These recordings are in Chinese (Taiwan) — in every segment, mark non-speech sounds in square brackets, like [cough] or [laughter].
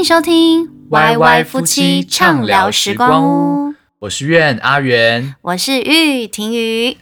歡迎收聽《YY 歪歪夫妻暢聊時光屋》，我是苑阿元，我是玉婷瑜。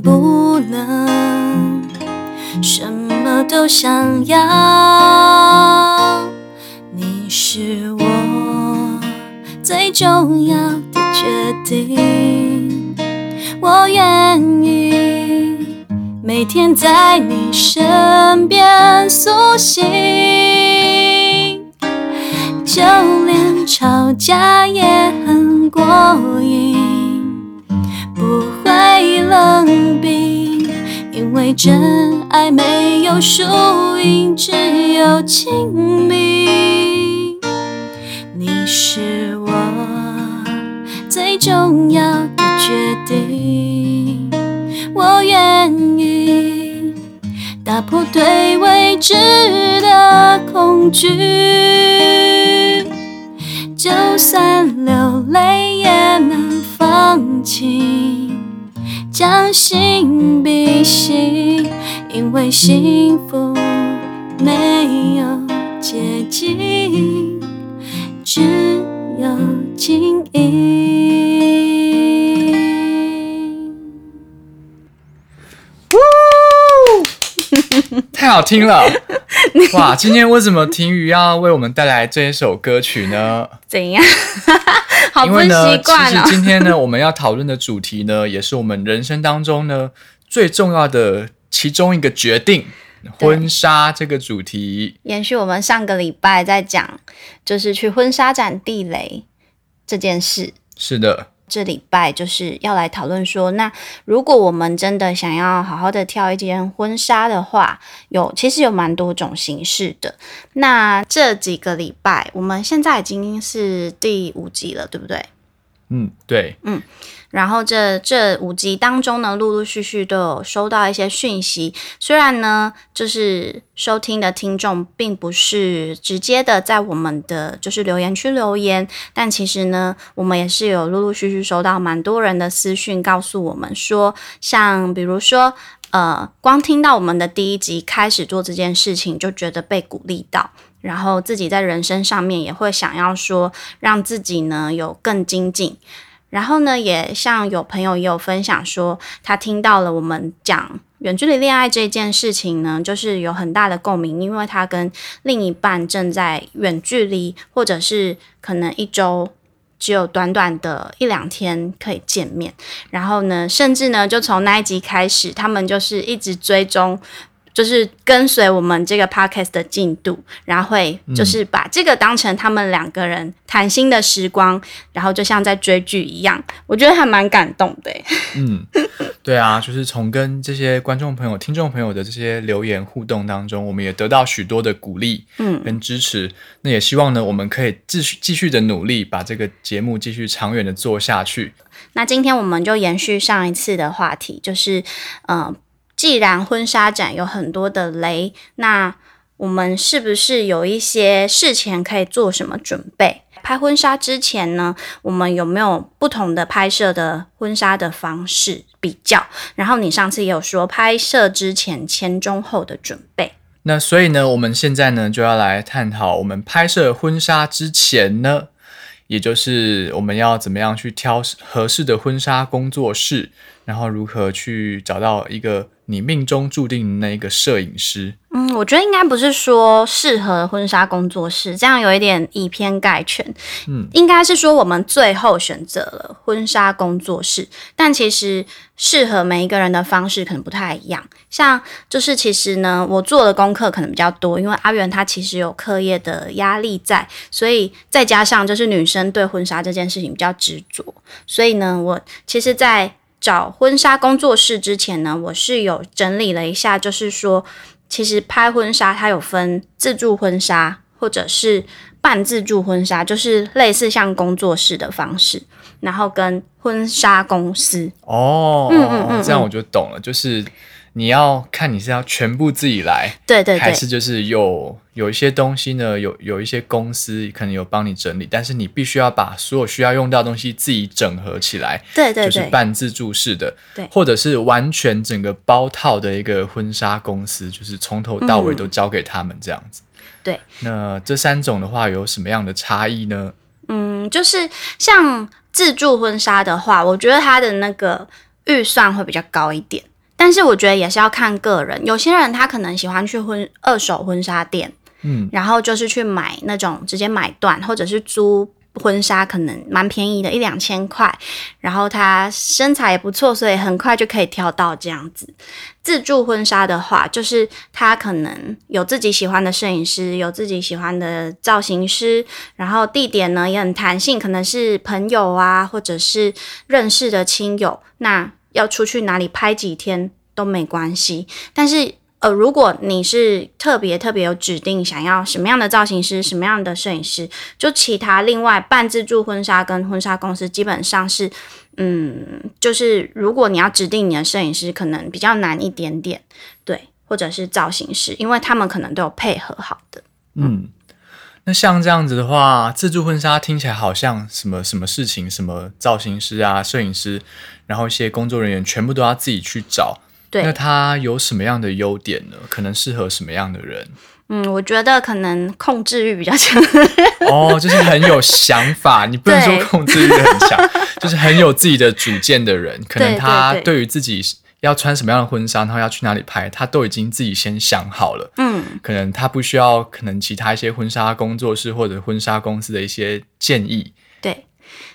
不能什麼都想要，你是我最重要的決定。我願意每天在你身邊甦醒，就連吵架也很過癮。冷冰，因為真愛沒有輸贏，只有親密。你是我最重要的決定，我願意打破對未知的恐懼，就算流淚也能放晴。將心比心，因為幸福沒有捷徑，只有經營。太好聽了哇！今天為什麼廷雨要為我們帶來這一首歌曲呢？怎樣？ [laughs] 因為呢，好不習慣哦，其實今天呢，我們要討論的主題呢， [laughs] 也是我們人生當中呢最重要的其中一個決定——婚紗這個主題，延續我們上個禮拜在講，就是去婚紗展地雷這件事。是的。這禮拜就是要來討論說，那如果我們真的想要好好的挑一件婚紗的話，有其實有蠻多種形式的。那這幾個禮拜，我們現在已經是第五集了，對不對？嗯，對，嗯，然後這這五集當中呢，陸陸續續都有收到一些訊息。雖然呢，就是收聽的聽眾並不是直接的在我們的就是留言區留言，但其實呢，我們也是有陸陸續續收到蠻多人的私訊，告訴我們說，像比如說，呃，光聽到我們的第一集開始做這件事情，就覺得被鼓勵到。然後自己在人生上面也會想要說，讓自己呢有更精進。然後呢，也像有朋友也有分享說，他聽到了我們講遠距離戀愛這件事情呢，就是有很大的共鳴，因為他跟另一半正在遠距離，或者是可能一周只有短短的一兩天可以見面。然後呢，甚至呢，就從那一集開始，他們就是一直追蹤。就是跟隨我們這個 podcast 的進度，然後會就是把這個當成他們兩個人談心的時光，嗯，然後就像在追劇一樣，我覺得還蠻感動的、欸。嗯，對啊，就是從跟這些觀眾朋友、 [laughs] 聽眾朋友的這些留言互動當中，我們也得到許多的鼓勵，嗯，跟支持，嗯。那也希望呢，我們可以繼續繼續的努力，把這個節目繼續長遠的做下去。那今天我們就延續上一次的話題，就是嗯，呃既然婚紗展有很多的雷，那我們是不是有一些事前可以做什麼準備？拍婚紗之前呢，我們有沒有不同的拍攝的婚紗的方式比較？然後你上次也有說拍攝之前前中後的準備。那所以呢，我們現在呢就要來探討我們拍攝婚紗之前呢，也就是我們要怎麼樣去挑合適的婚紗工作室，然後如何去找到一個。你命中注定那一個攝影師，嗯，我覺得應該不是說適合婚紗工作室，這樣有一點以偏概全，嗯，應該是說我們最後選擇了婚紗工作室，但其實適合每一個人的方式可能不太一樣。像就是其實呢，我做的功課可能比較多，因為阿元他其實有課業的壓力在，所以再加上就是女生對婚紗這件事情比較執着，所以呢，我其實在。找婚紗工作室之前呢，我是有整理了一下，就是說，其實拍婚紗它有分自助婚紗或者是半自助婚紗，就是類似像工作室的方式，然後跟婚紗公司。哦，嗯嗯嗯，嗯，這樣我就懂了，就是。你要看你是要全部自己來，對對對，還是就是有有一些東西呢，有有一些公司可能有幫你整理，但是你必須要把所有需要用到的東西自己整合起來，對對對，就是半自助式的，對，或者是完全整個包套的一個婚紗公司，就是從頭到尾都交給他們，嗯，這樣子，對。那這三種的話有什麼樣的差異呢？嗯，就是像自助婚紗的話，我覺得它的那個預算會比較高一點。但是我覺得也是要看個人，有些人他可能喜歡去婚二手婚紗店，嗯，然後就是去買那種直接買斷或者是租婚紗，可能蠻便宜的，一兩千塊，然後他身材也不錯，所以很快就可以挑到這樣子。自助婚紗的話，就是他可能有自己喜歡的攝影師，有自己喜歡的造型師，然後地點呢也很彈性，可能是朋友啊，或者是認識的親友，那。要出去哪裡拍幾天都沒關係，但是呃，如果你是特別特別有指定想要什麼樣的造型師、什麼樣的攝影師，就其他另外半自助婚紗跟婚紗公司基本上是，嗯，就是如果你要指定你的攝影師，可能比較難一點點，對，或者是造型師，因為他們可能都有配合好的，嗯。那像這樣子的話，自助婚紗聽起來好像什麼什麼事情，什麼造型師啊、攝影師，然後一些工作人員全部都要自己去找。對，那它有什麼樣的優點呢？可能適合什麼樣的人？嗯，我覺得可能控制欲比較強。哦，就是很有想法，你不能說控制欲很強，就是很有自己的主見的人，可能他對於自己。要穿什麼樣的婚紗，然後要去哪裡拍，他都已經自己先想好了。嗯，可能他不需要，可能其他一些婚紗工作室或者婚紗公司的一些建議。對，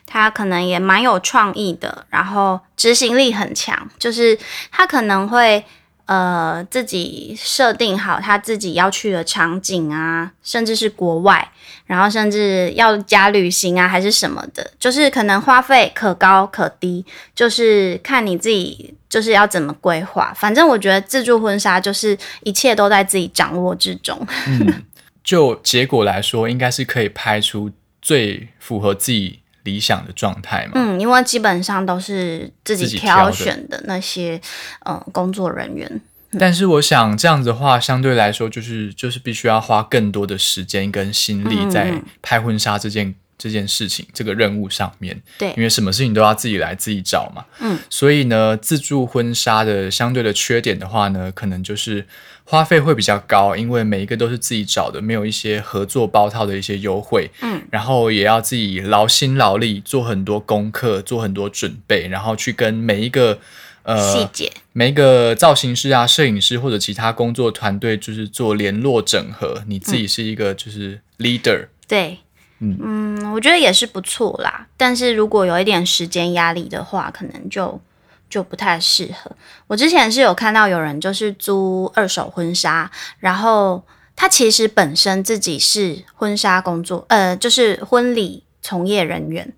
他可能也蠻有創意的，然後執行力很強，就是他可能會。呃，自己設定好他自己要去的場景啊，甚至是國外，然後甚至要加旅行啊，還是什麼的，就是可能花費可高可低，就是看你自己就是要怎麼規劃。反正我覺得自助婚紗就是一切都在自己掌握之中。嗯，就結果來說，應該是可以拍出最符合自己。理想的狀態嘛，嗯，因為基本上都是自己挑選的那些，嗯、呃，工作人員、嗯。但是我想這樣子的話，相對來說就是就是必須要花更多的時間跟心力在拍婚紗這件、嗯、這件事情這個任務上面。對、嗯，因為什麼事情都要自己來自己找嘛。嗯，所以呢，自助婚紗的相對的缺點的話呢，可能就是，花費會比較高，因為每一個都是自己找的，沒有一些合作包套的一些優惠。嗯，然後也要自己勞心勞力做很多功課，做很多準備，然後去跟每一個呃細節、每一個造型師啊、攝影師或者其他工作團隊，就是做聯絡整合。你自己是一個就是 leader。嗯嗯，對，嗯嗯，我覺得也是不錯啦。但是如果有一點時間壓力的話，可能就。就不太適合。我之前是有看到有人就是租二手婚紗，然後他其實本身自己是婚紗工作，呃，就是婚禮從業人員。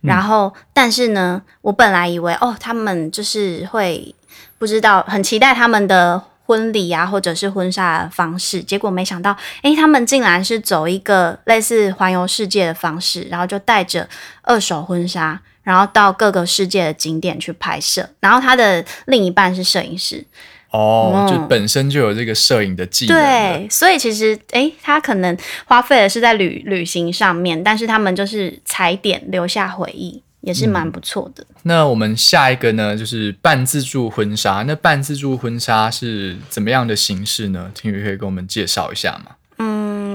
然後，嗯、但是呢，我本來以為哦，他們就是會不知道，很期待他們的婚禮啊，或者是婚紗的方式。結果沒想到，誒，他們竟然是走一個類似環遊世界的方式，然後就帶着二手婚紗。然後到各個世界的景點去拍攝，然後他的另一半是攝影師，哦，就本身就有這個攝影的技能，對，所以其實哎，他可能花費的是在旅旅行上面，但是他們就是踩點留下回憶，也是蠻不錯的，嗯。那我們下一個呢，就是半自助婚紗，那半自助婚紗是怎麼樣的形式呢？聽雨可以給我們介紹一下嗎？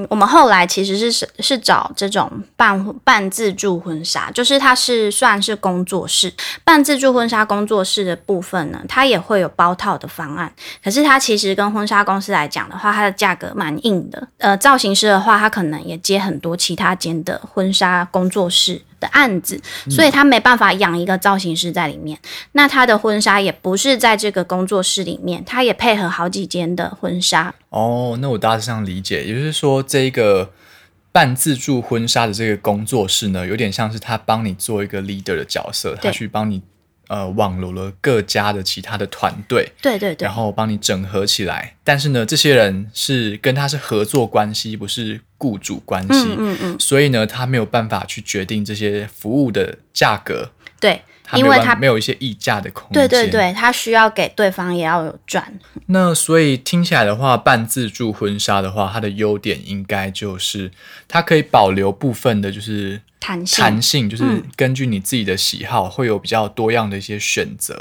我們後來其實是是找這種半半自助婚紗，就是它是算是工作室。半自助婚紗工作室的部分呢，它也會有包套的方案，可是它其實跟婚紗公司來講的話，它的價格蠻硬的。呃，造型師的話，他可能也接很多其他間的婚紗工作室，的案子，所以他沒辦法養一個造型師在裡面。嗯。那他的婚紗也不是在這個工作室裡面，他也配合好幾間的婚紗。哦，那我大致上理解，也就是說，這個半自助婚紗的這個工作室呢，有點像是他幫你做一個 leader 的角色，他去幫你。呃，網羅了各家的其他的團隊，對對對，然後幫你整合起來。但是呢，這些人是跟他是合作關係，不是雇主關係，嗯嗯嗯，所以呢，他沒有辦法去決定這些服務的價格，對。因為它沒有一些溢價的空間，對對對，它需要給對方也要有賺。那所以聽起來的話，半自助婚紗的話，它的優點應該就是它可以保留部分的，就是彈性，彈性就是根據你自己的喜好，嗯，會有比較多樣的一些選擇，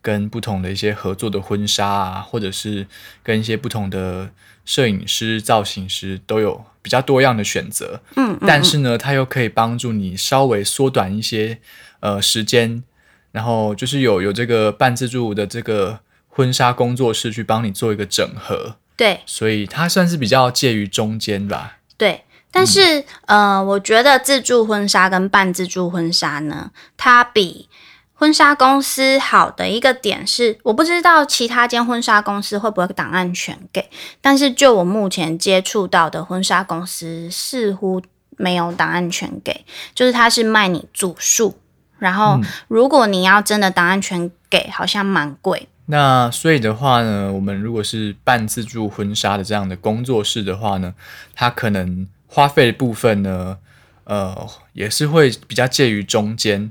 跟不同的一些合作的婚紗啊，或者是跟一些不同的攝影師、造型師都有。比較多樣的選擇，嗯，但是呢，它又可以幫助你稍微縮短一些，呃，時間，然後就是有有這個半自助的這個婚紗工作室去幫你做一個整合，對，所以它算是比較介於中間吧。對，但是、嗯、呃，我覺得自助婚紗跟半自助婚紗呢，它比。婚紗公司好的一個點是，我不知道其他間婚紗公司會不會檔案全給，但是就我目前接觸到的婚紗公司，似乎沒有檔案全給，就是他是賣你組數，然後如果你要真的檔案全給，嗯，好像蠻貴。那所以的話呢，我們如果是半自助婚紗的這樣的工作室的話呢，他可能花費的部分呢，呃，也是會比較介於中間。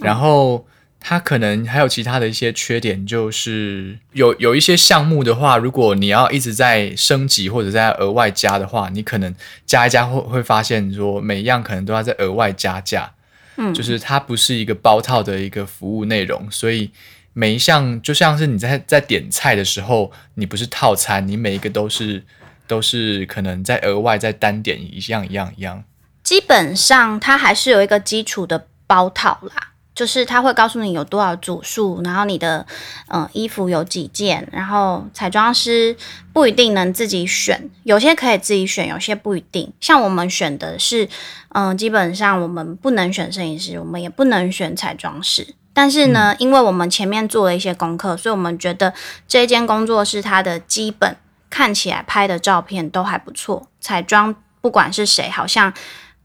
然後它，可能還有其他的一些缺點，就是有有一些項目的話，如果你要一直在升級或者在額外加的話，你可能加一加會會發現，說每一樣可能都要再額外加價。嗯，就是它不是一個包套的一個服務內容，所以每一項就像是你在在點菜的時候，你不是套餐，你每一個都是都是可能在額外再單點一樣一樣一樣。基本上它還是有一個基礎的包套啦。就是他會告訴你有多少組數，然後你的嗯、呃、衣服有幾件，然後彩妝師不一定能自己選，有些可以自己選，有些不一定。像我們選的是，嗯、呃，基本上我們不能選攝影師，我們也不能選彩妝師。但是呢、嗯，因為我們前面做了一些功課，所以我們覺得這間工作室它的基本看起來拍的照片都還不錯。彩妝不管是誰，好像。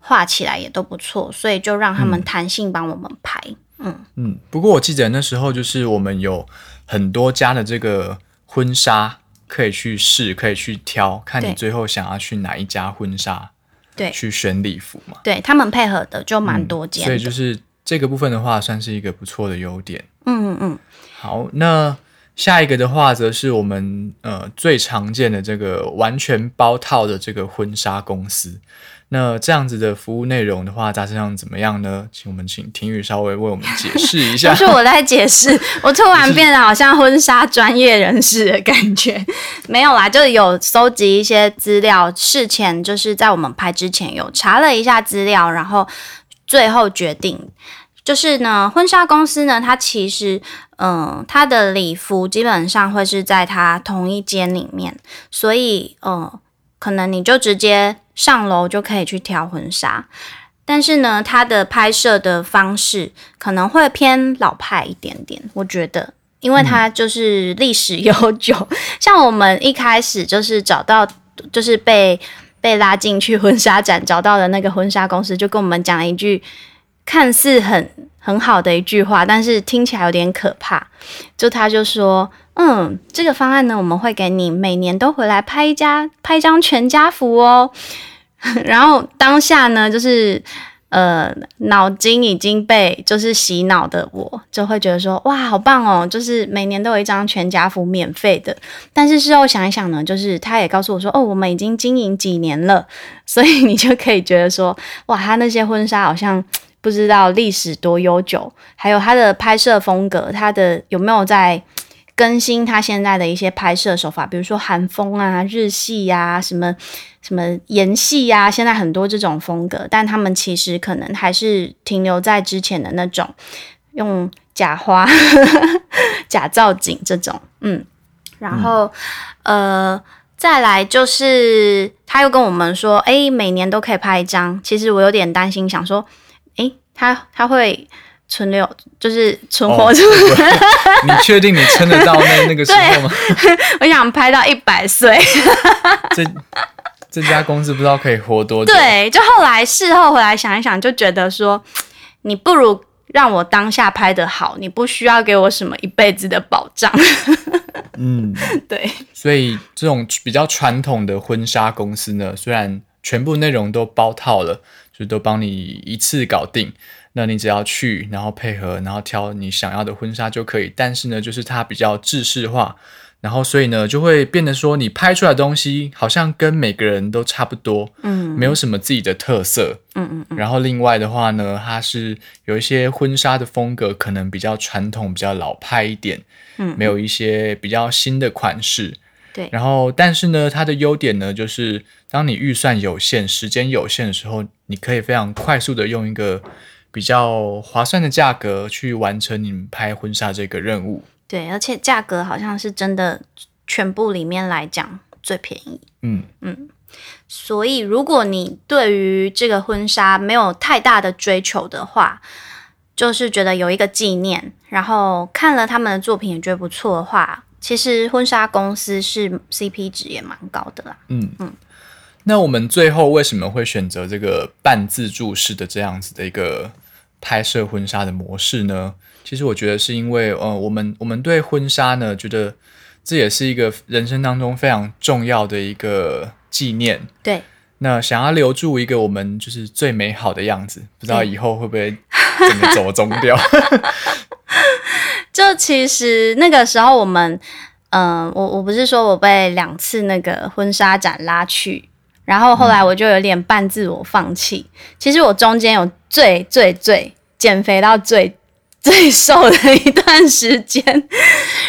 畫起來也都不錯，所以就讓他們彈性幫我們排。嗯嗯，不過我記得那時候就是我們有很多家的這個婚紗可以去試，可以去挑，看你最後想要去哪一家婚紗，對，去選禮服嘛。對，對他們配合的就蠻多間的。嗯，所以就是這個部分的話，算是一個不錯的優點。嗯嗯嗯。好，那下一個的話，則是我們呃最常見的這個完全包套的這個婚紗公司。那這樣子的服務內容的話，大致上怎麼樣呢？請我們請婷雨稍微為我們解釋一下。 [laughs] 不是我在解釋，我突然變得好像婚紗專業人士的感覺，沒有啦，就有收集一些資料，事前就是在我們拍之前有查了一下資料，然後最後決定就是呢，婚紗公司呢，它其實嗯、呃，它的禮服基本上會是在它同一間裡面，所以嗯。呃可能你就直接上樓就可以去挑婚紗，但是呢，他的拍攝的方式可能會偏老派一點點，我覺得，因為他就是歷史悠久。嗯。像我們一開始就是找到，就是被被拉進去婚紗展，找到的那個婚紗公司，就跟我們講了一句看似很很好的一句話，但是聽起來有點可怕，就他就說。嗯，這個方案呢，我們會給你每年都回來拍一家拍一張全家福哦。 [laughs] 然後當下呢，就是呃，腦筋已經被就是洗腦的我，我就會覺得說，哇，好棒哦，就是每年都有一張全家福免費的。但是事後想一想呢，就是他也告訴我說，哦，我們已經經營幾年了，所以你就可以覺得說，哇，他那些婚紗好像不知道歷史多悠久，還有他的拍攝風格，他的有沒有在。更新他現在的一些拍攝手法，比如說韓風啊、日系呀、啊、什麼什麼鹽系呀，現在很多這種風格，但他們其實可能還是停留在之前的那種，用假花、 [laughs] 假造景這種。嗯，然後、嗯、呃，再來就是他又跟我們說，哎，每年都可以拍一張。其實我有點擔心，想說，哎，他他會。存留就是存活住，哦，你確定你撐得到那那個時候嗎？ [laughs] 我想拍到一百歲， [laughs] 這這家公司不知道可以活多久。對，就後來事後回來想一想，就覺得說，你不如讓我當下拍得好，你不需要給我什麼一輩子的保障。 [laughs] 嗯，對。所以這種比較傳統的婚紗公司呢，雖然全部內容都包套了，就都幫你一次搞定。那你只要去，然後配合，然後挑你想要的婚紗就可以。但是呢，就是它比較制式化，然後所以呢，就會變得說你拍出來的東西好像跟每個人都差不多，嗯，沒有什麼自己的特色，嗯嗯嗯。然後另外的話呢，它是有一些婚紗的風格可能比較傳統、比較老派一點，嗯嗯，沒有一些比較新的款式。對。然後，但是呢，它的優點呢，就是當你預算有限、時間有限的時候，你可以非常快速地用一個。比較划算的價格去完成你們拍婚紗這個任務，對，而且價格好像是真的全部裡面來講最便宜，嗯嗯，所以如果你對於這個婚紗沒有太大的追求的話，就是覺得有一個紀念，然後看了他們的作品也覺得不錯的話，其實婚紗公司是 CP 值也蠻高的啦，嗯嗯，那我們最後為什麼會選擇這個半自助式的這樣子的一個？拍攝婚紗的模式呢？其實我覺得是因為，呃，我們我們對婚紗呢，覺得這也是一個人生當中非常重要的一個紀念。對。那想要留住一個我們就是最美好的樣子，不知道以後會不會怎麼走鐘掉。嗯、 [laughs] [laughs] 就其實那個時候我們，嗯、呃，我我不是說我被兩次那個婚紗展拉去。然後後來我就有點半自我放棄，嗯。其實我中間有最最最減肥到最最瘦的一段時間，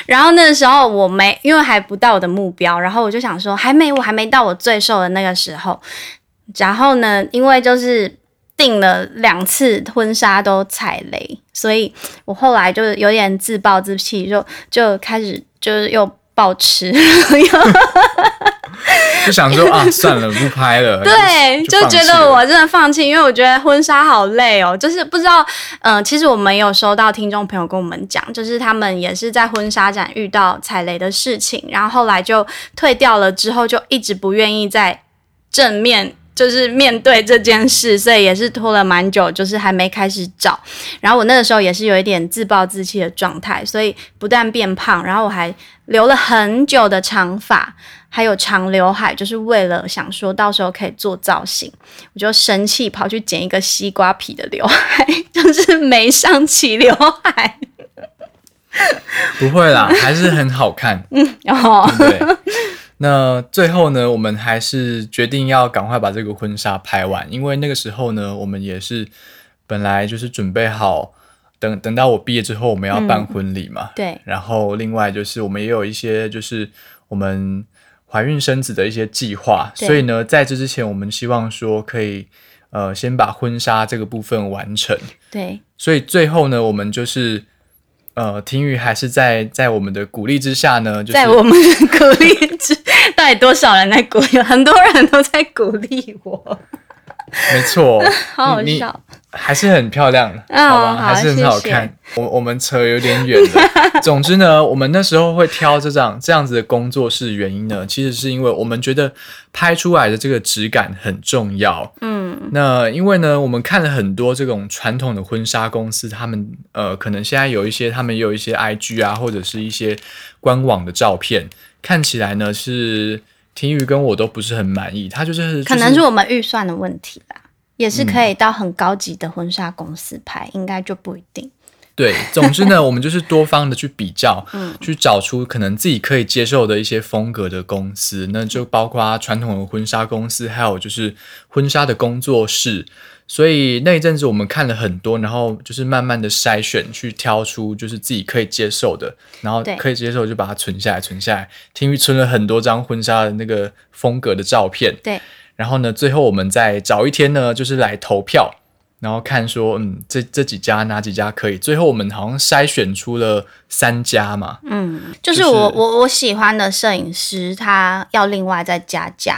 然後那個時候我沒，因為還不到我的目標，然後我就想說還沒，我還沒到我最瘦的那個時候。然後呢，因為就是訂了兩次婚紗都踩雷，所以我後來就有點自暴自棄，就就開始就是又。保持 [laughs] [laughs] 就想說啊，算了，不拍了。 [laughs] 對，就放棄了，就覺得我真的放棄，因為我覺得婚紗好累哦。就是不知道，嗯、呃，其實我們有收到聽眾朋友跟我們講，就是他們也是在婚紗展遇到踩雷的事情，然後後來就退掉了，之後就一直不願意再正面。就是面對這件事，所以也是拖了蠻久，就是還沒開始找。然後我那個時候也是有一點自暴自棄的狀態，所以不但變胖，然後我還留了很久的長髮，還有長劉海，就是為了想說到時候可以做造型。我就生氣跑去剪一個西瓜皮的劉海，就是眉上齊劉海。不會啦，還是很好看。 [laughs] 嗯哦。對那最後呢，我們還是決定要趕快把這個婚紗拍完，因為那個時候呢，我們也是本來就是準備好，等等到我畢業之後我們要辦婚禮嘛，嗯。對。然後另外就是我們也有一些就是我們懷孕生子的一些計劃，所以呢，在這之前我們希望說可以呃先把婚紗這個部分完成。對。所以最後呢，我們就是。呃，婷雨還是在在我們的鼓勵之下呢，就是、在我們的鼓勵之， [laughs] 到底多少人在鼓勵？很多人都在鼓勵我，沒錯， [laughs] 好，好笑你，你。還是很漂亮的、哦，好吧好，還是很好看。謝謝我我們扯有點遠了。 [laughs] 總之呢，我們那時候會挑這張這樣子的工作室的原因呢，其實是因為我們覺得拍出來的這個質感很重要，嗯。那因為呢，我們看了很多這種傳統的婚紗公司，他們呃，可能現在有一些，他們也有一些 IG 啊，或者是一些官網的照片，看起來呢是庭宇跟我都不是很滿意，他就是、就是、可能是我們預算的問題吧，也是可以到很高級的婚紗公司拍、嗯，應該就不一定。 [laughs] 對，總之呢，我們就是多方的去比較， [laughs] 嗯，去找出可能自己可以接受的一些風格的公司，那就包括傳統的婚紗公司，還有就是婚紗的工作室。所以那一陣子我們看了很多，然後就是慢慢的篩選，去挑出就是自己可以接受的，然後可以接受就把它存下來，存下來，聽玉存了很多張婚紗的那個風格的照片，對。然後呢，最後我們再找一天呢，就是來投票。然後看說，嗯，這這幾家哪幾家可以？最後我們好像篩選出了三家嘛。嗯，就是我、就是、我我喜歡的攝影師，他要另外再加價，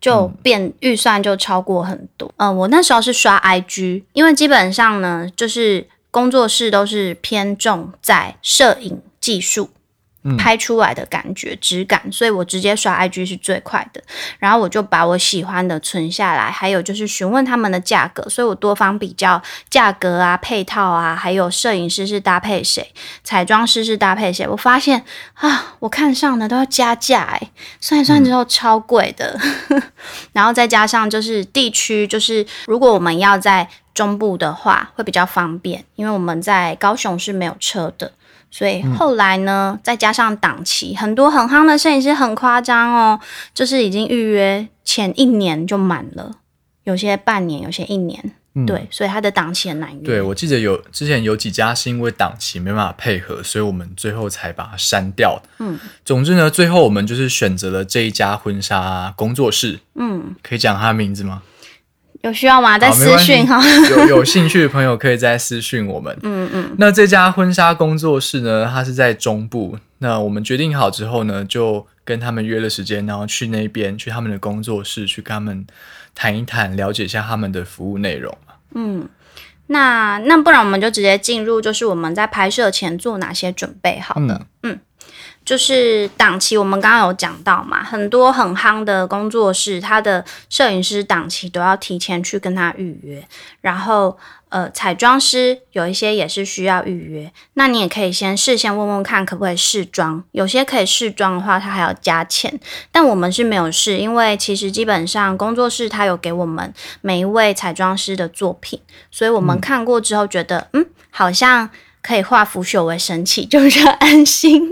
就變、嗯、預算就超過很多。嗯，我那時候是刷 IG，因為基本上呢，就是工作室都是偏重在攝影技術。拍出來的感覺、質感，所以我直接刷 IG 是最快的。然後我就把我喜歡的存下來，還有就是詢問他們的價格，所以我多方比較價格啊、配套啊，還有攝影師是搭配誰、彩妝師是搭配誰。我發現啊，我看上的都要加價哎、欸，算一算之後超貴的。嗯、 [laughs] 然後再加上就是地區，就是如果我們要在中部的話，會比較方便，因為我們在高雄是沒有車的。所以後來呢，嗯、再加上檔期，很多很夯的攝影師很誇張哦，就是已經預約前一年就滿了，有些半年，有些一年。嗯、對，所以他的檔期很難約。對，我記得有之前有幾家，是因為檔期沒辦法配合，所以我們最後才把它刪掉。嗯，總之呢，最後我們就是選擇了這一家婚紗工作室。嗯，可以講他的名字嗎？有需要嗎？在私訊哈，哦、 [laughs] 有有興趣的朋友可以在私訊我們。 [laughs] 嗯嗯，那這家婚紗工作室呢，它是在中部。那我們決定好之後呢，就跟他們約了時間，然後去那邊，去他們的工作室，去跟他們談一談，了解一下他們的服務內容。嗯，那那不然我們就直接進入，就是我們在拍攝前做哪些準備？好呢。嗯。嗯就是檔期，我們剛剛有講到嘛，很多很夯的工作室，他的攝影師檔期都要提前去跟他預約，然後呃，彩妝師有一些也是需要預約。那你也可以先事先問問看，可不可以試妝？有些可以試妝的話，他還要加錢。但我們是沒有試，因為其實基本上工作室他有給我們每一位彩妝師的作品，所以我們看過之後覺得，嗯，嗯，好像。可以化腐朽為神奇，就是安心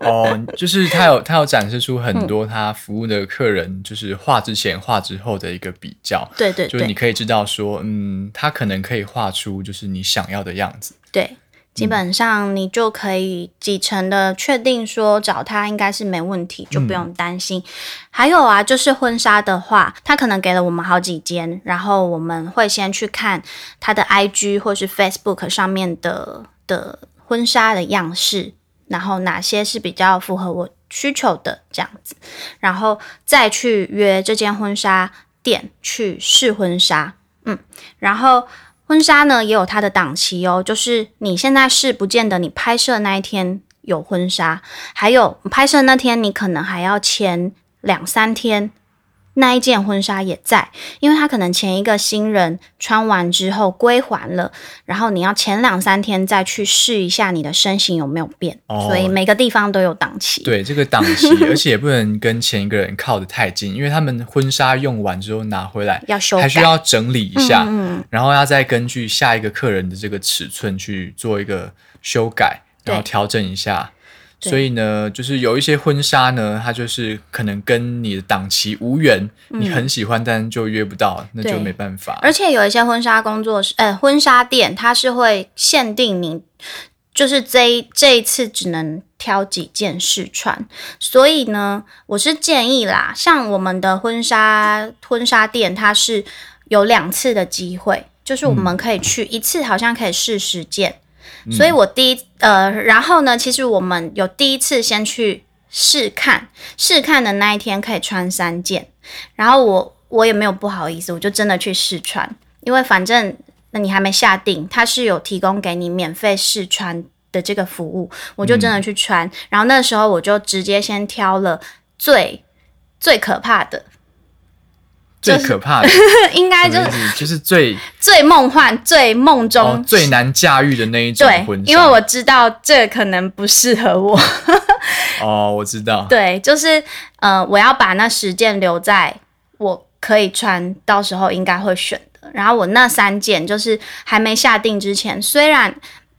哦。 [laughs] oh, 就是他有他有展示出很多他服務的客人，就是化之前化之後的一個比較， [laughs] 對對,對，就是你可以知道說，嗯，他可能可以畫出就是你想要的樣子。對，基本上你就可以幾成的確定說找他應該是沒問題，就不用擔心、嗯。還有啊，就是婚紗的話，他可能給了我們好幾間，然後我們會先去看他的 IG 或是 Facebook 上面的。的婚紗的樣式，然後哪些是比較符合我需求的這樣子，然後再去約這間婚紗店去試婚紗，嗯，然後婚紗呢也有它的檔期哦，就是你現在試不見得你拍攝那一天有婚紗，還有拍攝那天你可能還要前兩三天，那一件婚紗也在，因為他可能前一個新人穿完之後歸還了，然後你要前兩三天再去試一下你的身形有沒有變，哦、所以每個地方都有檔期。對，這個檔期， [laughs] 而且也不能跟前一個人靠得太近，因為他們婚紗用完之後拿回來要修，還需要整理一下，嗯嗯，然後要再根據下一個客人的這個尺寸去做一個修改，然後調整一下。所以呢，就是有一些婚紗呢，它就是可能跟你的檔期無緣，嗯、你很喜歡，但就約不到，那就沒辦法。而且有一些婚紗工作室，呃，婚紗店它是會限定你，就是這這一次只能挑幾件試穿。所以呢，我是建議啦，像我們的婚紗婚紗店，它是有兩次的機會，就是我們可以去、嗯、一次，好像可以試十件。所以，我第一、嗯、呃，然後呢，其實我們有第一次先去試看，試看的那一天可以穿三件，然後我我也沒有不好意思，我就真的去試穿，因為反正那你還沒下定，他是有提供給你免費試穿的這個服務，我就真的去穿，嗯、然後那時候我就直接先挑了最最可怕的。就是、最可怕的， [laughs] 應該就是就是最最夢幻、最夢中、哦、最難駕馭的那一種婚紗。因為我知道這可能不適合我。 [laughs] 哦，我知道，對，就是呃，我要把那十件留在我可以穿，到時候應該會選的。然後我那三件就是還沒下定之前，雖然。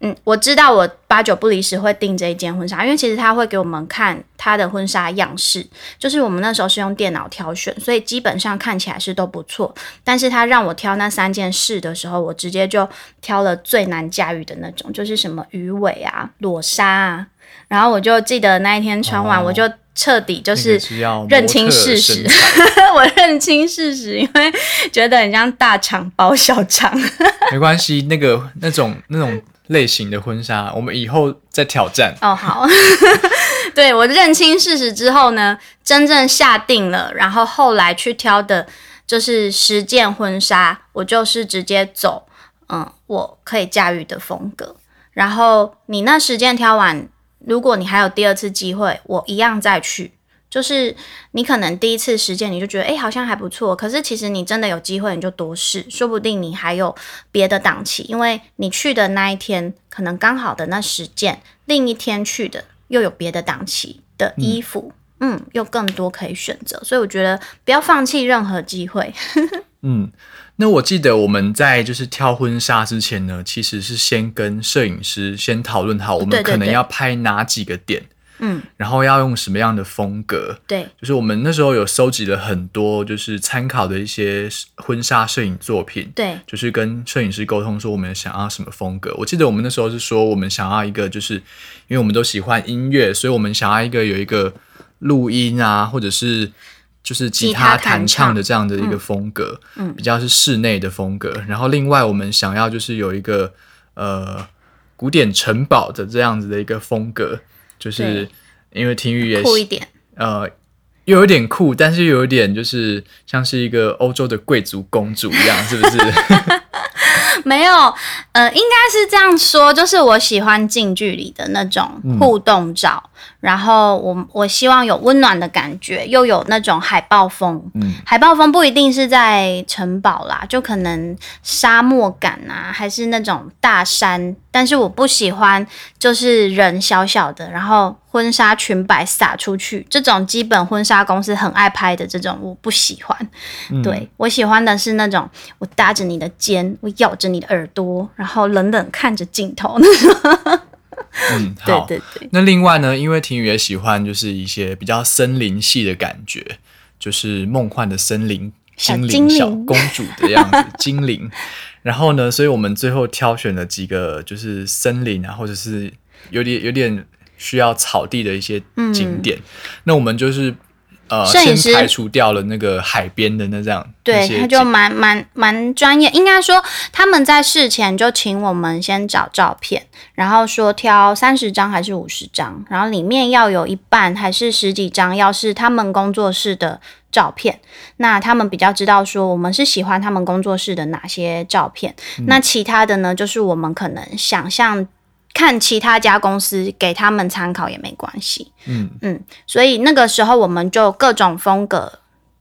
嗯，我知道我八九不離十會訂這一件婚紗，因為其實他會給我們看他的婚紗樣式，就是我們那時候是用電腦挑選，所以基本上看起來是都不錯。但是他讓我挑那三件事的時候，我直接就挑了最難駕馭的那種，就是什麼魚尾啊、裸紗啊。然後我就記得那一天穿完，我就徹底就是、哦、那個、只要認清事實， [laughs] 我認清事實，因為覺得很像大腸包小腸。沒關係，那個那種那種。那種類型的婚紗，我們以後再挑戰。哦、oh，好， [laughs] 對，我認清事實之後呢，真正下定了，然後後來去挑的就是十件婚紗，我就是直接走，嗯，我可以駕馭的風格。然後你那十件挑完，如果你還有第二次機會，我一樣再去。就是你可能第一次實踐，你就覺得哎、欸，好像還不錯。可是其實你真的有機會，你就多試，說不定你還有別的檔期。因為你去的那一天，可能剛好的那十件，另一天去的又有別的檔期的衣服，嗯，嗯，又更多可以選擇。所以我覺得不要放棄任何機會。 [laughs] 嗯，那我記得我們在就是挑婚紗之前呢，其實是先跟攝影師先討論好，我們可能要拍哪幾個點。對對對對。嗯，然後要用什麼樣的風格？對，就是我們那時候有收集了很多，就是參考的一些婚紗攝影作品。對，就是跟攝影師溝通說，我們想要什麼風格。我記得我們那時候是說，我們想要一個，就是因為我們都喜歡音樂，所以我們想要一個有一個錄音啊，或者是就是吉他彈唱的這樣的一個風格，嗯，嗯，比較是室內的風格。然後另外我們想要就是有一個呃古典城堡的這樣子的一個風格。就是因為聽語也酷一點，呃，又有點酷，但是又有點就是像是一個歐洲的貴族公主一樣，是不是？ [laughs] 沒有，呃，應該是這樣說，就是我喜歡近距離的那種互動照。嗯然後我我希望有溫暖的感覺，又有那種海報風。嗯、海報風不一定是在城堡啦，就可能沙漠感啊，還是那種大山。但是我不喜歡就是人小小的，然後婚紗裙擺撒出去這種，基本婚紗公司很愛拍的這種，我不喜歡。嗯、對我喜歡的是那種我搭着你的肩，我咬着你的耳朵，然後冷冷看着鏡頭。 [laughs] 嗯，好， [laughs] 對對對。那另外呢，因為婷宇也喜歡，就是一些比較森林系的感覺，就是夢幻的森林，精靈小公主的樣子，精靈， [laughs] 精靈。然後呢，所以我們最後挑選了幾個，就是森林啊，或者是有點有點需要草地的一些景點。嗯，那我們就是。攝影師、呃、先排除掉了那個海邊的，那這樣，對，他就蠻蠻蠻專業。應該說他們在事前就請我們先找照片，然後說挑三十張還是五十張，然後裡面要有一半還是十幾張要是他們工作室的照片，那他們比較知道說我們是喜歡他們工作室的哪些照片，嗯、那其他的呢，就是我們可能想象，看其他家公司給他們參考也沒關係，嗯嗯，所以那個時候我們就各種風格，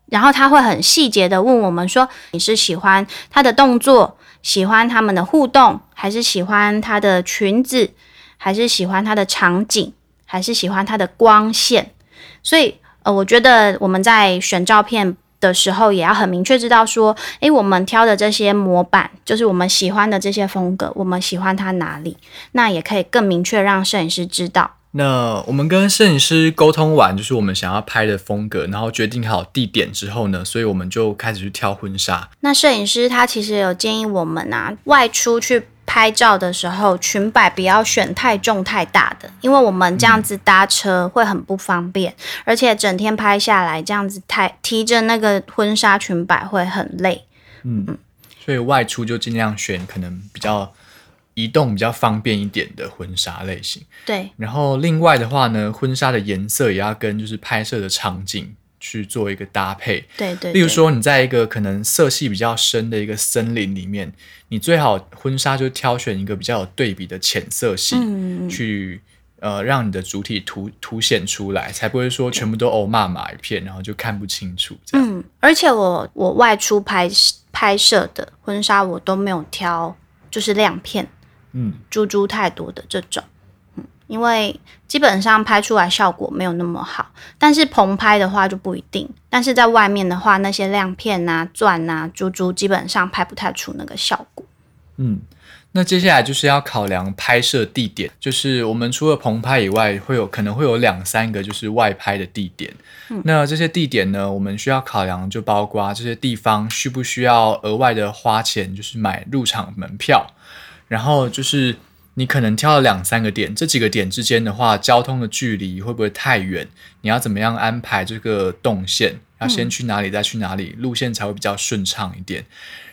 然後他會很細節的問我們說，你是喜歡他的動作，喜歡他們的互動，還是喜歡他的裙子，還是喜歡他的場景，還是喜歡他的光線？所以呃，我覺得我們在選照片的時候也要很明確知道說，誒我們挑的這些模板就是我們喜歡的這些風格，我們喜歡它哪裡，那也可以更明確讓攝影師知道。那我們跟攝影師溝通完，就是我們想要拍的風格，然後決定好地點之後呢，所以我們就開始去挑婚紗。那攝影師他其實有建議我們啊，外出去。拍照的時候，裙襬不要選太重太大的，因為我們這樣子搭車會很不方便，嗯、而且整天拍下來這樣子太提着那個婚紗裙襬會很累嗯。嗯，所以外出就儘量選可能比較移動比較方便一點的婚紗類型。對，然後另外的話呢，婚紗的顏色也要跟就是拍攝的場景。去做一個搭配，對，對對，例如說你在一個可能色系比較深的一個森林裡面，你最好婚紗就挑選一個比較有對比的淺色系，嗯嗯嗯，去呃讓你的主體凸凸顯出來，才不會說全部都哦嘛嘛一片，然後就看不清楚。嗯，而且我我外出拍拍攝的婚紗我都沒有挑就是亮片，嗯，珠珠太多的這種。因為基本上拍出來效果沒有那麼好，但是棚拍的話就不一定。但是在外面的話，那些亮片吶、啊、鑽吶、啊、珠珠，基本上拍不太出那個效果。嗯，那接下來就是要考量拍攝地點，就是我們除了棚拍以外，會有可能會有兩三個就是外拍的地點。嗯、那這些地點呢，我們需要考量，就包括這些地方需不需要額外的花錢，就是買入場門票，然後就是。你可能挑了兩三個點，這幾個點之間的話，交通的距離會不會太遠？你要怎麼樣安排這個動線？要先去哪裡，再去哪裡？嗯，路線才會比較順暢一點？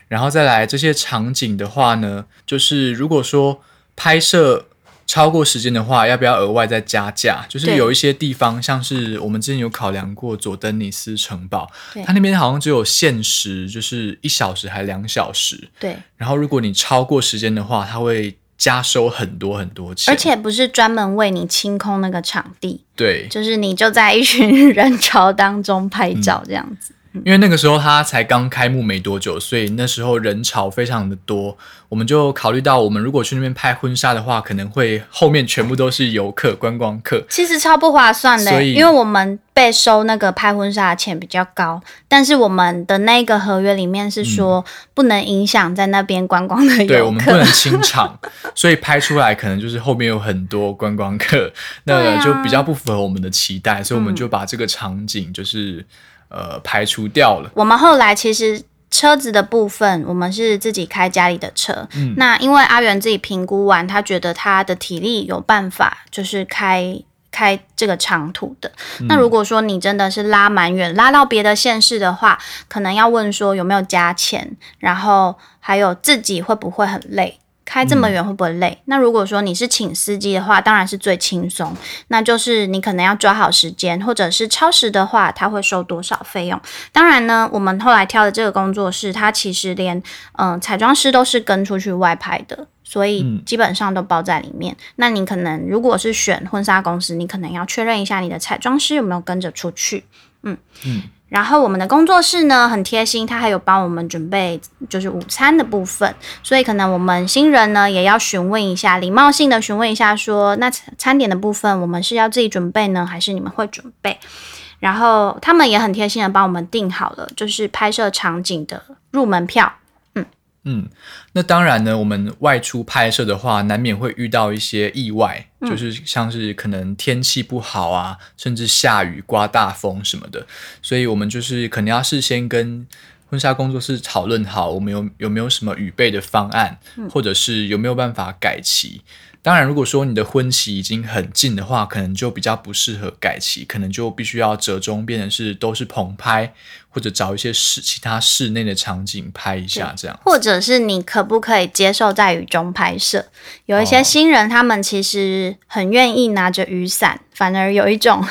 然後再來這些場景的話呢，就是如果說拍攝超過時間的話，要不要額外再加價？就是有一些地方，像是我們之前有考量過佐登尼斯城堡，它那邊好像只有限時，就是一小時還兩小時。對。然後如果你超過時間的話，它會。加收很多很多錢，而且不是專門為你清空那個場地，對，就是你就在一群人潮當中拍照這樣子。嗯因為那個時候他才剛開幕沒多久，所以那時候人潮非常的多。我們就考慮到，我們如果去那邊拍婚紗的話，可能會後面全部都是遊客觀光客，其實超不划算的。所以，因為我們被收那個拍婚紗的錢比較高，但是我們的那個合約裡面是說不能影響在那邊觀光的遊客，嗯、對，我們不能清場， [laughs] 所以拍出來可能就是後面有很多觀光客，那就比較不符合我們的期待，所以我們就把這個場景就是。呃，排除掉了。我們後來其實，車子的部分，我們是自己開家裡的車。嗯，那因為阿元自己評估完，他覺得他的體力有辦法，就是開開這個長途的。嗯。那如果說你真的是拉蠻遠，拉到別的縣市的話，可能要問說有沒有加錢，然後還有自己會不會很累。開這麼遠會不會累，嗯？那如果說你是請司機的話，當然是最輕鬆。那就是你可能要抓好時間，或者是超時的話，他會收多少費用？當然呢，我們後來挑的這個工作室，它其實連嗯、呃，彩妝師都是跟出去外拍的，所以基本上都包在裡面，嗯。那你可能如果是選婚紗公司，你可能要確認一下你的彩妝師有沒有跟着出去。嗯嗯。然後我們的工作室呢，很貼心，他還有幫我們準備就是午餐的部分，所以可能我們新人呢也要詢問一下，禮貌性的詢問一下說，那餐點的部分我們是要自己準備呢，還是你們會準備？然後他們也很貼心的幫我們訂好了，就是拍攝場景的入門票。嗯，那當然呢。我們外出拍攝的話，難免會遇到一些意外，嗯、就是像是可能天氣不好啊，甚至下雨、颳大風什麼的。所以，我們就是可能要事先跟婚紗工作室討論好，我們有有沒有什麼預備的方案、嗯，或者是有沒有辦法改期。當然，如果說你的婚期已經很近的話，可能就比較不適合改期，可能就必須要折中，變成是都是棚拍，或者找一些室其他室內的場景拍一下，這樣。對，或者是你可不可以接受在雨中拍攝？有一些新人他們其實很願意拿着雨傘。哦反而有一種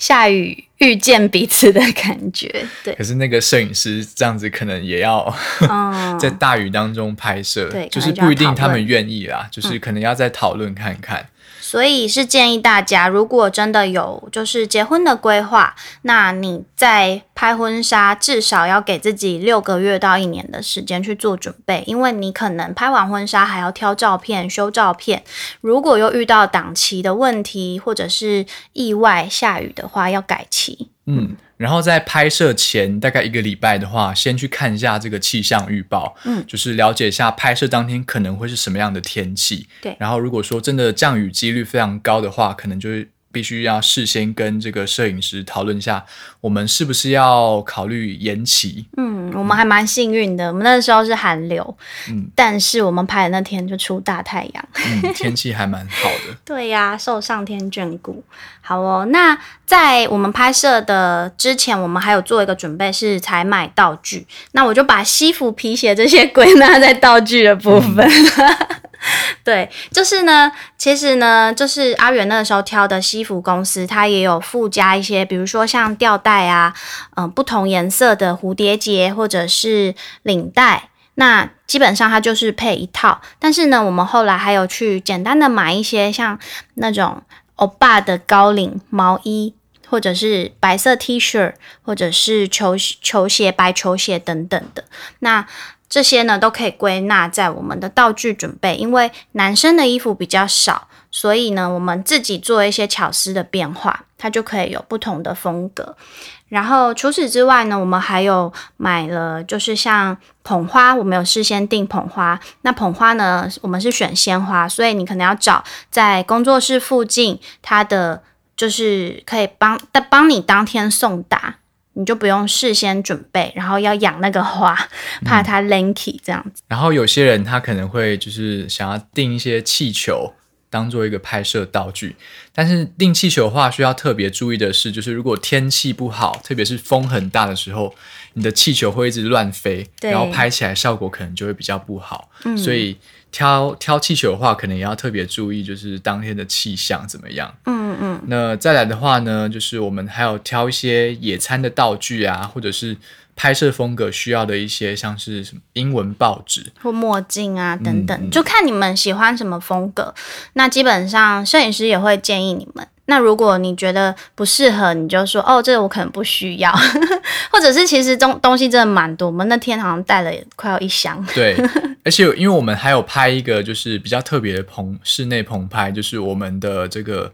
下雨遇見彼此的感覺，對。可是那個攝影師這樣子，可能也要、嗯、 [laughs] 在大雨當中拍攝，對，就是不一定他們願意啦就，就是可能要再討論看看。嗯所以是建議大家，如果真的有就是結婚的規劃，那你在拍婚紗至少要給自己六個月到一年的時間去做準備，因為你可能拍完婚紗還要挑照片、修照片，如果又遇到檔期的問題或者是意外下雨的話，要改期。嗯。然後在拍攝前大概一個禮拜的話，先去看一下這個氣象預報，嗯，就是了解一下拍攝當天可能會是什麼樣的天氣。對。然後如果說真的降雨幾率非常高的話，可能就是必須要事先跟這個攝影師討論一下，我們是不是要考慮延期。嗯，我們還蠻幸運的，嗯，我們那時候是寒流，嗯，但是我們拍的那天就出大太陽。嗯，天氣還蠻好的。 [laughs] 對呀，啊，受上天眷顧。好哦，那。在我們拍攝的之前，我們還有做一個準備是採買道具。那我就把西服、皮鞋這些歸納在道具的部分。嗯、 [laughs] 對，就是呢，其實呢，就是阿遠那個時候挑的西服公司，它也有附加一些，比如說像吊帶啊，嗯、呃，不同顏色的蝴蝶結或者是領帶。那基本上它就是配一套。但是呢，我們後來還有去簡單的買一些像那種歐巴的高領毛衣。或者是白色 T 恤，或者是球鞋球鞋、白球鞋等等的。那這些呢，都可以歸納在我們的道具準備。因為男生的衣服比較少，所以呢，我們自己做一些巧思的變化，它就可以有不同的風格。然後除此之外呢，我們還有買了，就是像捧花，我們有事先訂捧花。那捧花呢，我們是選鮮花，所以你可能要找在工作室附近它的。就是可以幫幫你當天送達，你就不用事先準備，然後要養那個花，怕它爛掉這樣子、嗯。然後有些人他可能會就是想要訂一些氣球當做一個拍攝道具，但是訂氣球的話需要特別注意的是，就是如果天氣不好，特別是風很大的時候，你的氣球會一直亂飛，然後拍起來效果可能就會比較不好。嗯，所以。挑挑氣球的話，可能也要特別注意，就是當天的氣象怎麼樣。嗯嗯。那再來的話呢，就是我們還有挑一些野餐的道具啊，或者是拍攝風格需要的一些，像是什麼英文報紙，或墨鏡啊等等嗯嗯，就看你們喜歡什麼風格。那基本上攝影師也會建議你們。那如果你覺得不適合，你就說，哦，這個我可能不需要。或者是其實東東西真的蠻多，我們那天好像帶了快要一箱。對，而且因為我們還有拍一個就是比較特別的棚室內棚拍，就是我們的這個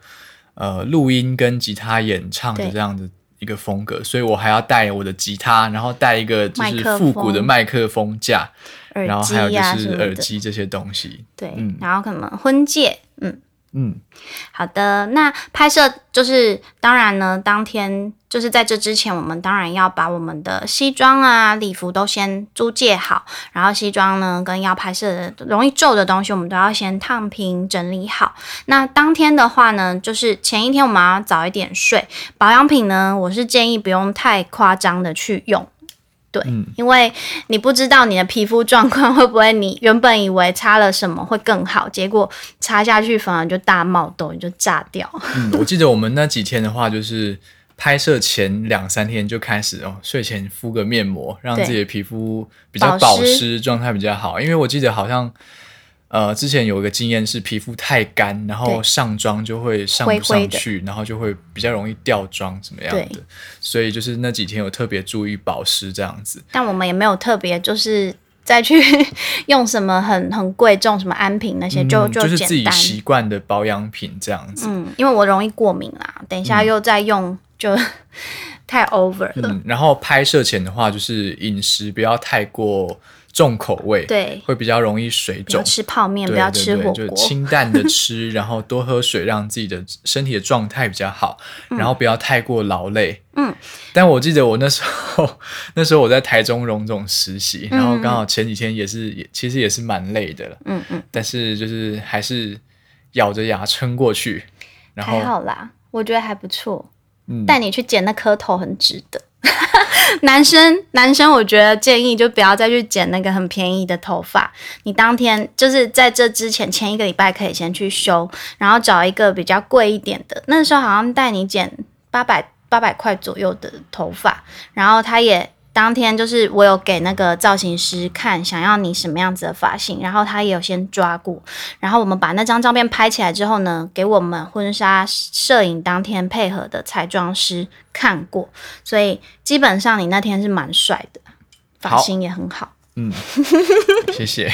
呃錄音跟吉他演唱的這樣的一個風格，所以我還要帶我的吉他，然後帶一個就是復古的麥克風架，啊、然後還有就是耳機這些東西。對，嗯、然後可能婚戒，嗯。嗯，好的。那拍攝就是，當然呢，當天就是在這之前，我們當然要把我們的西裝啊、禮服都先租借好。然後西，西裝呢跟要拍攝的容易皺的東西，我們都要先燙平整理好。那當天的話呢，就是前一天我們要早一點睡。保養品呢，我是建議不用太誇張的去用。對，因為你不知道你的皮膚狀況會不會，你原本以為擦了什麼會更好，結果擦下去反而就大冒痘，你就炸掉。嗯，我記得我們那幾天的話，就是拍攝前兩三天就開始哦，睡前敷個面膜，讓自己的皮膚比較保濕，保濕狀態比較好。因為我記得好像。呃，之前有一個經驗是皮膚太乾，然後上妝就會上不上去，然後就會比較容易掉妝，怎麼樣的？所以就是那幾天有特別注意保濕這樣子。但我們也沒有特別，就是再去用什麼很很貴重什麼安瓶那些，嗯、就就，就是自己習慣的保養品這樣子、嗯。因為我容易過敏啦，等一下又再用就、嗯、 [laughs] 太 over 了、嗯、然後拍攝前的話，就是飲食不要太過。重口味，對，會比較容易水腫。不要吃泡麵，不要吃火鍋，就清淡的吃， [laughs] 然後多喝水，讓自己的身體的狀態比較好，嗯，然後不要太過勞累。嗯，但我記得我那時候，那時候我在台中榮總實習，然後剛好前幾天也是，也，嗯嗯、其實也是蠻累的了。嗯嗯，但是就是還是咬着牙撐過去。還好啦，我覺得還不錯。嗯，帶你去剪那顆頭很值得。 [laughs] 男生，男生，我覺得建議就不要再去剪那個很便宜的頭髮。你當天就是在這之前前一個禮拜可以先去修，然後找一個比較貴一點的。那時候好像帶你剪八百八百塊左右的頭髮，然後他也。當天就是我有給那個造型師看，想要你什麼樣子的髮型，然後他也有先抓過，然後我們把那張照片拍起來之後呢，給我們婚紗攝影當天配合的彩妝師看過，所以基本上你那天是蠻帥的，髮型也很好。好，嗯。 [laughs] 謝謝。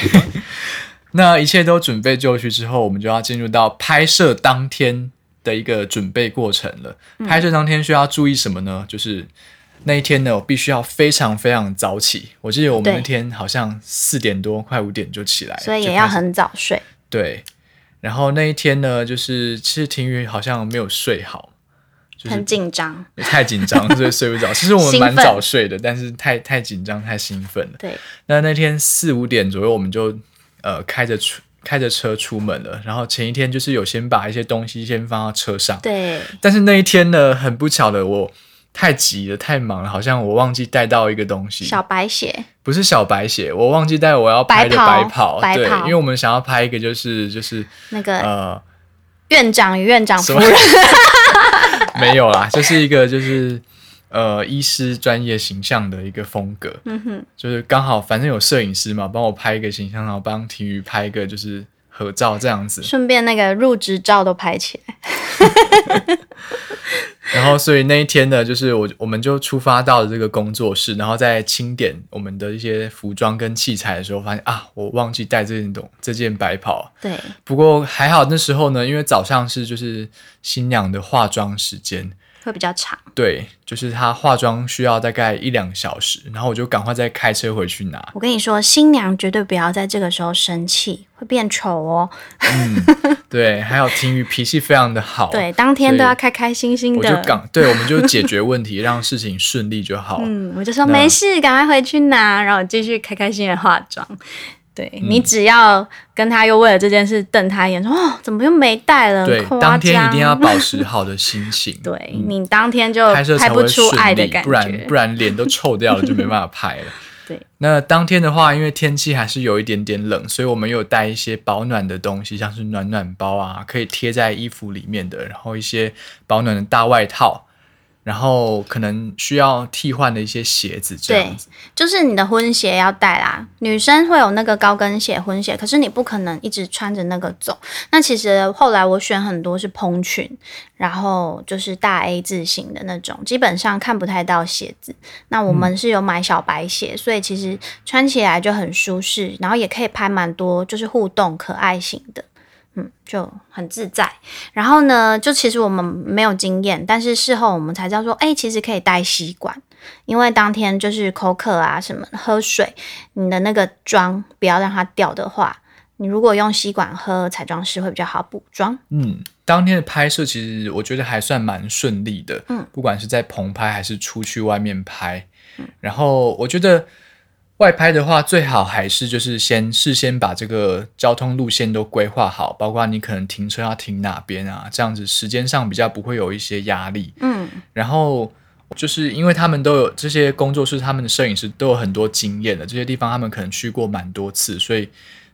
那一切都準備就緒之後，我們就要進入到拍攝當天的一個準備過程了。拍攝當天需要注意什麼呢？就是。那一天呢，我必須要非常非常早起。我記得我們那天好像四點多快五點就起來了，所以也要很早睡。對，然後那一天呢，就是其實廷宇好像沒有睡好，就是、很緊張，太緊張所以睡不着。 [laughs] 其實我們蠻早睡的，但是太太緊張太興奮了。對，那那天四五點左右我們就呃開着出開着車出門了，然後前一天就是有先把一些東西先放到車上。對，但是那一天呢，很不巧的我。太急了，太忙了，好像我忘記帶到一個東西。小白鞋，不是小白鞋，我忘記帶我要拍的白袍，白袍，對，因為我們想要拍一個就是就是那個呃院長與院長夫人， [laughs] [laughs] 沒有啦，這、就是一個就是呃醫師專業形象的一個風格，嗯哼，就是剛好反正有攝影師嘛，幫我拍一個形象，然後幫體育拍一個就是。合照這樣子，順便那個入職照都拍起來 [laughs] 然後，所以那一天呢，就是我我們就出發到了這個工作室，然後在清點我們的一些服裝跟器材的時候，發現啊，我忘記帶這件東這件白袍。對，不過還好那時候呢，因為早上是就是新娘的化妝時間。會比較長，對，就是她化妝需要大概一兩個小時，然後我就趕快再開車回去拿。我跟你說，新娘絕對不要在這個時候生氣，會變醜哦。嗯，對， [laughs] 還有婷雨脾氣非常的好，對，當天都要開開心心的。我就講，對，我們就解決問題， [laughs] 讓事情順利就好。嗯，我就說沒事，趕快回去拿，然後繼續開開心心的化妝。對，你只要跟他又為了這件事瞪他一眼，說哦，怎麼又沒帶了？對，當天一定要保持好的心情， [laughs] 對、嗯、你，當天就拍攝才會順利，拍不出愛的感覺，不然不然，臉都臭掉了，就沒辦法拍了。 [laughs] 對，那當天的話，因為天氣還是有一點點冷，所以我們有帶一些保暖的東西，像是暖暖包啊，可以貼在衣服裡面的，然後一些保暖的大外套。然後可能需要替換的一些鞋子，這樣子。對，就是你的婚鞋要帶啦。女生會有那個高跟鞋、婚鞋，可是你不可能一直穿着那個走。那其實後來我選很多是蓬裙，然後就是大 A 字型的那種，基本上看不太到鞋子。那我們是有買小白鞋，嗯、所以其實穿起來就很舒適，然後也可以拍蠻多就是互動、可愛型的。嗯，就很自在。然後呢，就其實我們沒有經驗，但是事後我們才知道說，誒，其實可以帶吸管，因為當天就是口渴啊什麼喝水，你的那個妝不要讓它掉的話，你如果用吸管喝，彩妝師會比較好補妝。嗯，當天的拍攝其實我覺得還算蠻順利的。嗯，不管是在棚拍還是出去外面拍，嗯，然後我覺得。外拍的話，最好還是就是先事先把這個交通路線都規劃好，包括你可能停車要停哪邊啊，這樣子時間上比較不會有一些壓力。嗯，然後就是因為他們都有這些工作室，他們的攝影師都有很多經驗的，這些地方他們可能去過蠻多次，所以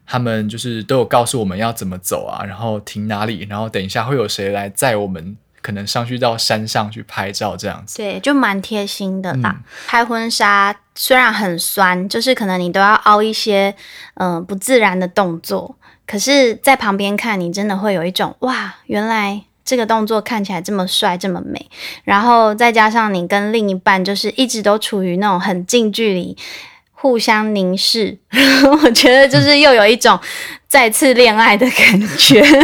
他們就是都有告訴我們要怎麼走啊，然後停哪裡，然後等一下會有誰來載我們。可能上去到山上去拍照這樣子，對，就蠻貼心的吧。嗯、拍婚紗雖然很酸，就是可能你都要凹一些嗯、呃、不自然的動作，可是，在旁邊看你真的會有一種哇，原來這個動作看起來這麼帥這麼美，然後再加上你跟另一半就是一直都處於那種很近距離。互相凝視， [laughs] 我覺得就是又有一種再次戀愛的感覺， [laughs] 加速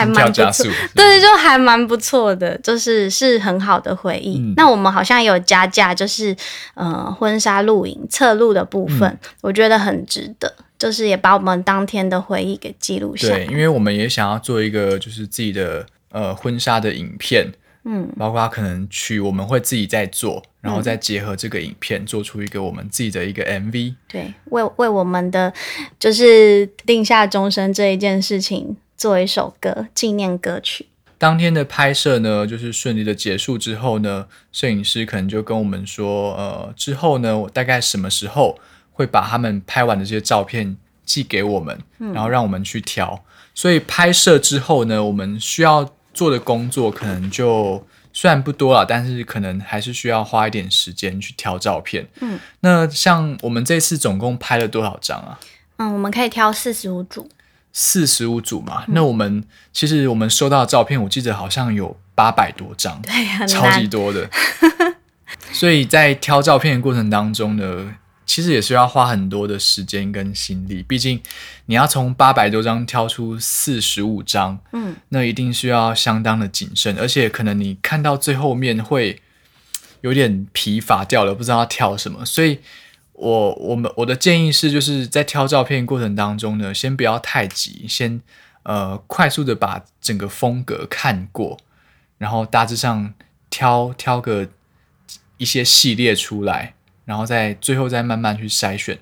還蠻不錯對。對，就還蠻不錯的，就是是很好的回憶。嗯、那我們好像有加價，就是呃婚紗錄影側錄的部分、嗯，我覺得很值得，就是也把我們當天的回憶給記錄下來。對，因為我們也想要做一個就是自己的呃婚紗的影片。嗯，包括他可能去、嗯，我們會自己在做，然後再結合這個影片，嗯，做出一個我們自己的一個 MV。對，為為我們的就是定下終身這一件事情，做一首歌，紀念歌曲。當天的拍攝呢，就是順利的結束之後呢，攝影師可能就跟我們說，呃，之後呢，我大概什麼時候會把他們拍完的這些照片寄給我們，嗯、然後讓我們去挑。所以拍攝之後呢，我們需要。做的工作可能就雖然不多了，但是可能還是需要花一點時間去挑照片。嗯，那像我們這次總共拍了多少張啊？嗯，我們可以挑四十五組。四十五組嘛，那我們、嗯、其實我們收到的照片，我記得好像有八百多張，對，超級多的。 [laughs] 所以在挑照片的過程當中呢。其實也是要花很多的時間跟心力，畢竟你要從八百多張挑出四十五張，嗯，那一定需要相當的謹慎，而且可能你看到最後面會有點疲乏掉了，不知道要挑什麼。所以我，我我們我的建議是，就是在挑照片過程當中呢，先不要太急，先呃快速的把整個風格看過，然後大致上挑挑個一些系列出來。然後再最後再慢慢去篩選，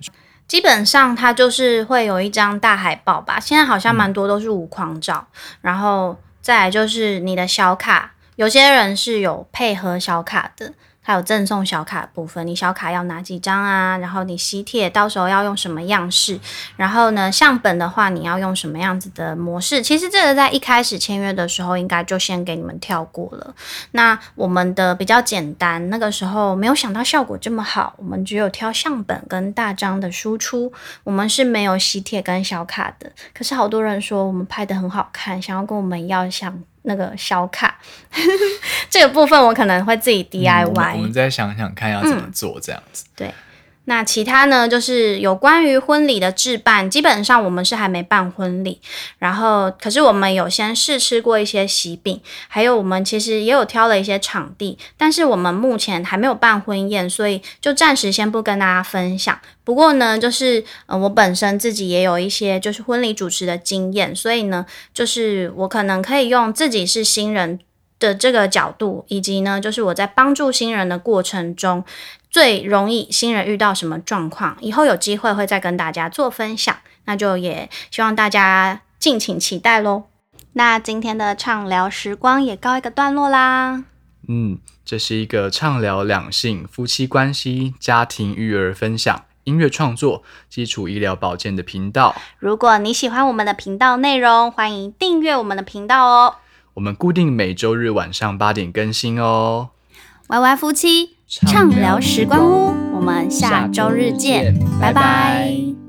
基本上它就是會有一張大海報吧。現在好像蠻多都是無框照，嗯，然後再來就是你的小卡，有些人是有配合小卡的。還有贈送小卡的部分，你小卡要拿幾張啊？然後你喜帖到時候要用什麼樣式？然後呢，相本的話，你要用什麼樣子的模式？其實這個在一開始簽約的時候，應該就先給你們跳過了。那我們的比較簡單，那個時候沒有想到效果這麼好，我們只有挑相本跟大張的輸出，我們是沒有喜帖跟小卡的。可是好多人說我們拍得很好看，想要跟我們要相。那個小卡，呵呵，這個部分，我可能會自己 DIY，嗯。我們再想想看要怎麼做，這樣子。嗯，對。那其他呢，就是有關於婚禮的置辦，基本上我們是還沒辦婚禮，然後可是我們有先試吃過一些喜餅，還有我們其實也有挑了一些場地，但是我們目前還沒有辦婚宴，所以就暫時先不跟大家分享。不過呢，就是呃我本身自己也有一些就是婚禮主持的經驗，所以呢，就是我可能可以用自己是新人的這個角度，以及呢，就是我在幫助新人的過程中，最容易新人遇到什麼狀況，以後有機會會再跟大家做分享，那就也希望大家敬請期待嘍。那今天的暢聊時光也告一個段落啦。嗯，這是一個暢聊兩性、夫妻關係、家庭育兒分享、音樂創作、基礎醫療保健的頻道。如果你喜歡我們的頻道內容，歡迎訂閱我們的頻道哦。我們固定每周日晚上八點更新哦。YY 夫妻暢聊時光屋，我們下周日見，拜拜。拜拜